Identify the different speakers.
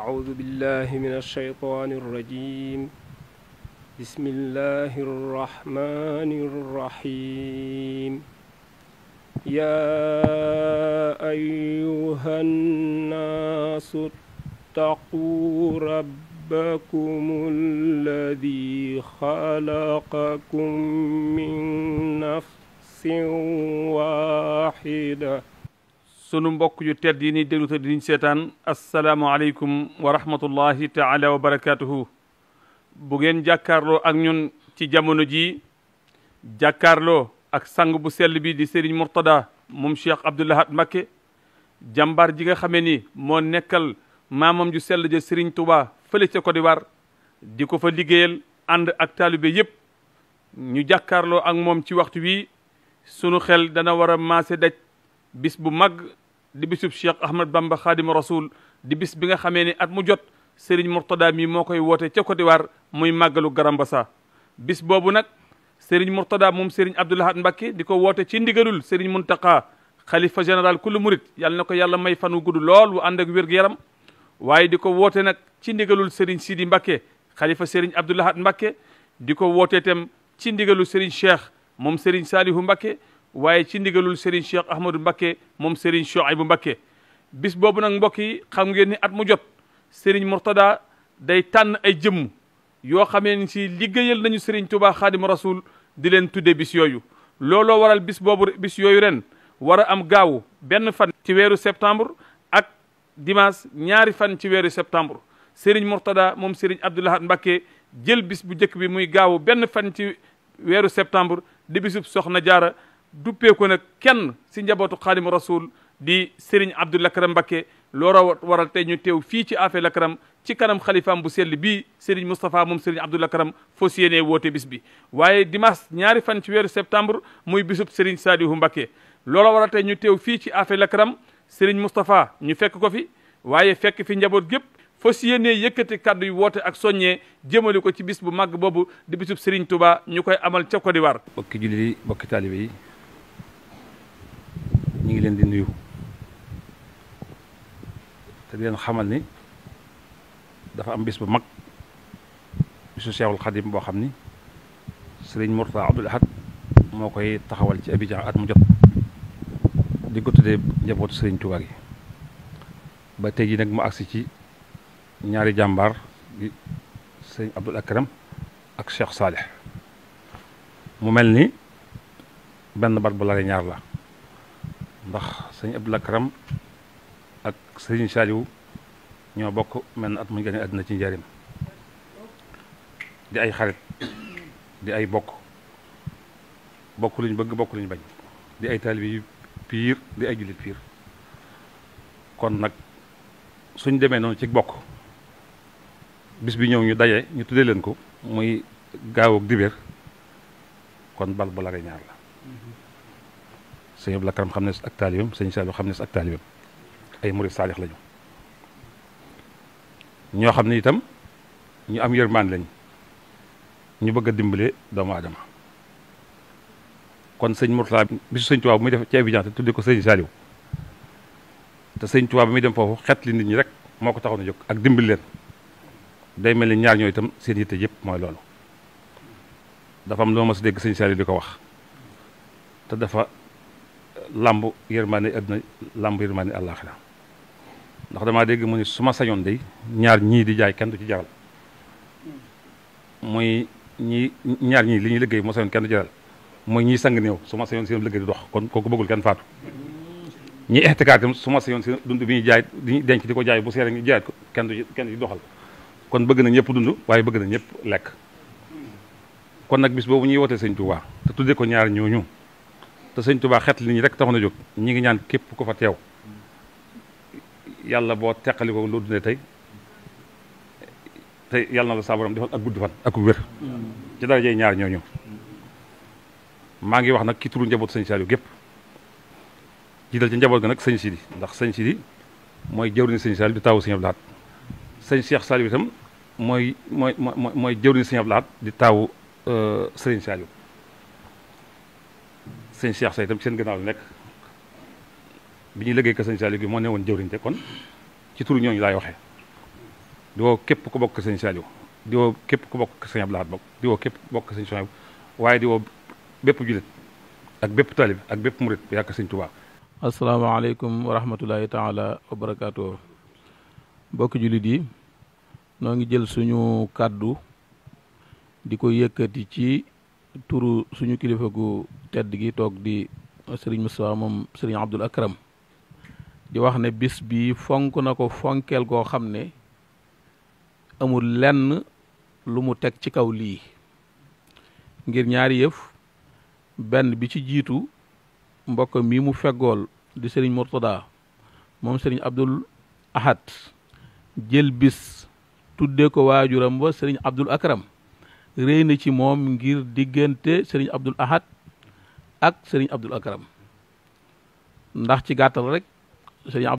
Speaker 1: أعوذ بالله من الشيطان الرجيم بسم الله الرحمن الرحيم يا أيها الناس اتقوا ربكم الذي خلقكم من نفس
Speaker 2: واحده sunu mbokk yu tedd yi ni déglu te diniñ seetaan asalaamualeykum wa rahmatullahi taala wa barakaatuhu bu ngeen jàkkaarloo ak ñun ci jamono ji jàkkaarloo ak sang bu sell bi di Serigne Mourtada moom Cheikh Abdoul Ahad Mbacké ji nga xamee ni moo nekkal maamam ju sell ja Serigne tubaa fële ca Côte di ko fa liggéeyal ànd ak taalibe yépp ñu jàkkaarloo ak moom ci waxtu wi sunu xel dana war a maase daj bis bu mag di bisub Cheikh Ahmad Bamba Xaadimu Rasul di bis bi nga xamee ni at mu jot Serigne Mourtada mi moo koy woote ca Côte d'Ivoire muy màggalu Garambassa bis boobu nag Serigne Mourtada moom Serigne Abdoul Ahad di ko woote ci ndigalul Serigne Mountakha xalifa général kullu murit yàlla na ko yàlla may fan wu gudd lool wu ànd ak wér yaram waaye di ko woote nag ci ndigalul Serigne Sidi Mbacké xalifa Serigne Abdoul Ahad Mbacké di ko woote tem ci ndigalu Serigne Cheikh moom Serigne Salihu Mbacké waaye ci ndigalul Serigne Cheikh Ahmadou Mbakke moom Serigne bu Mbakke bis boobu nag mbokk yi xam ngeen ni at mu jot Serigne Mourtada day tànn ay jëmm yoo xamee ni si liggéeyal nañu Serigne Touba Xaadimu Rasul di leen tuddee bis yooyu. looloo waral bis boobu bis yooyu ren war a am gaawu benn fan ci weeru septembre ak dimanche ñaari fan ci weeru septembre Serigne Mourtada moom Serigne Abdou Lahad Mbakke jël bis bu njëkk bi muy gaawu benn fan ci weeru septembre di bisub Soxna Jaara duppee ko nag kenn si njabootu xaadimu rasul di Serigne Abdou Lakram Mbacké looloo waral tey ñu teew fii ci affaire Lakram ci kanam xalifaam bu selli bii Serigne Moustapha moom Serigne Abdou karam foo si yéenee woote bis bi. waaye dimanche ñaari fan ci weeru septembre muy bisub Serigne Saliou Mbacké looloo waral tey ñu teew fii ci affaire Lakram Serigne Moustapha ñu fekk ko fi waaye fekk fi njaboot gépp fo si yéenee yëkkati kàddu yu woote ak soññee jëmale ko ci bis bu màgg boobu di bisub Serigne ñu koy amal ca Côte
Speaker 1: yi. ñi ngi leen di nuyu te di leen xamal ni dafa am bis bu mag bisu cheikhul khadim boo xam ni Sëriñ Mourtada Abdoul Ahad moo koy taxawal ci Abidjan at mu jot di ko tuddee njabootu serigne gi ba tey ji nag mu agsi ci ñaari jàmbaar di serigne Abdul Akram ak Cheikh Salih mu mel ni benn bat bu lare ñaar la ndax sëñ Abdou ak sëñ Saliou ñoo bokk mel na at mu gane àddina ci njariñ di ay xarit di ay bokk bokk luñ bëgg bokk luñ bañ di ay taalibe piir di ay jullit piir kon nag suñ demee noonu ci bokk bis bi ñëw ñu daje ñu tuddee leen ko muy gaaw ak kon bal bu la ñaar la سيني بلاكرم خمس أكتاليوم سيني سالو خمس أكتاليوم أي مريض صالح لجوا نيو خمني تام نيو أمير مان لين نيو بقى دمبلي دوما دوما كون سيني مرتلا بس سيني توا ميدا تي أبيجان تودي كو سيني سالو تسيني توا ميدا فوق خت لين نيرك ما كنت أقول نجوك أقدم بالله دائما لين يار نيو تام سيني تجيب ما يلولو دفع ملوم مسدك سيني سالو دكوا تدفع làmb yërmande àdduna làmb yërmande àllaaxira ndax damaa dégg mu suma su ma sañoon day ñaar ñii di jaay kenn du ci jaral mooy ñii ñaar ñii li ñuy liggéey ma sañoon kenn du jaral mooy ñii sang néew su ma sañoon seen di dox kon kooku bëggul kenn faatu ñi ixtikaar su ma sañoon seen dund bi ñu jaay di denc di ko jaay bu seere ñu jaayaat ko kenn du kenn du doxal kon bëgg na ñëpp dund waaye bëgg na ñëpp lekk kon nag bis boobu ñuy wootee sëñ Tuubaa te tuddee ko ñaar ñooñu te sëñ Tuubaa xet li ñu rek taxoon na jóg ñi ngi ñaan képp ku fa teew yàlla boo teqali ko loo dundee tey tey yàlla na la saa borom defal ak gudd fan ak wér ci darajey ñaar ñooñu maa ngi wax nag ki turu njaboot sëñ Saliou gépp jiital ci njaboot ga nag sëñ Sidi ndax sëñ Sidi mooy jëwriñu sëñ Saliou di taawu sëñ Abdou Lahad sëñ Cheikh Saliou itam mooy mooy mooy jëwriñu sëñ Abdou Lahad di taawu euh, sëriñ Saliou sëñ Cheikh Say tam seen gannaaw la nekk bi ñuy liggéey ko sëñ Saliou gi moo ne woon jëwriñ kon ci turu ñooñu laay waxee di woo képp ku bokk sëñ Saliou di woo képp ku bokk sëñ Abdou Lahad képp bokk sëñ Sohaybu waaye di woo bépp jullit ak bépp taalib ak bépp murit yàgg sëñ Tuubaa
Speaker 3: asalaamaaleykum wa rahmatulahi taala wa barakaatu bokki jullit yi noo ngi jël suñu kàddu di ko yëkkati ci turu suñu kilifa gu tedd gi toog di sëriñ Moustapha moom sëriñ Abdul Akram di wax ne bis bii fonk na ko fonkeel goo xam ne amul lenn lu mu teg ci kaw lii ngir ñaari yëf benn bi ci jiitu mbokk mi mu fegool di sëriñ Mourtada moom sëriñ Abdul Ahad jël bis tudde ko waajuram ba sëriñ Abdul Akram réy na ci moom ngir diggante sëriñ Abdul Ahad ak sëriñ Abdul Akram ndax ci gàttal rek sëriñ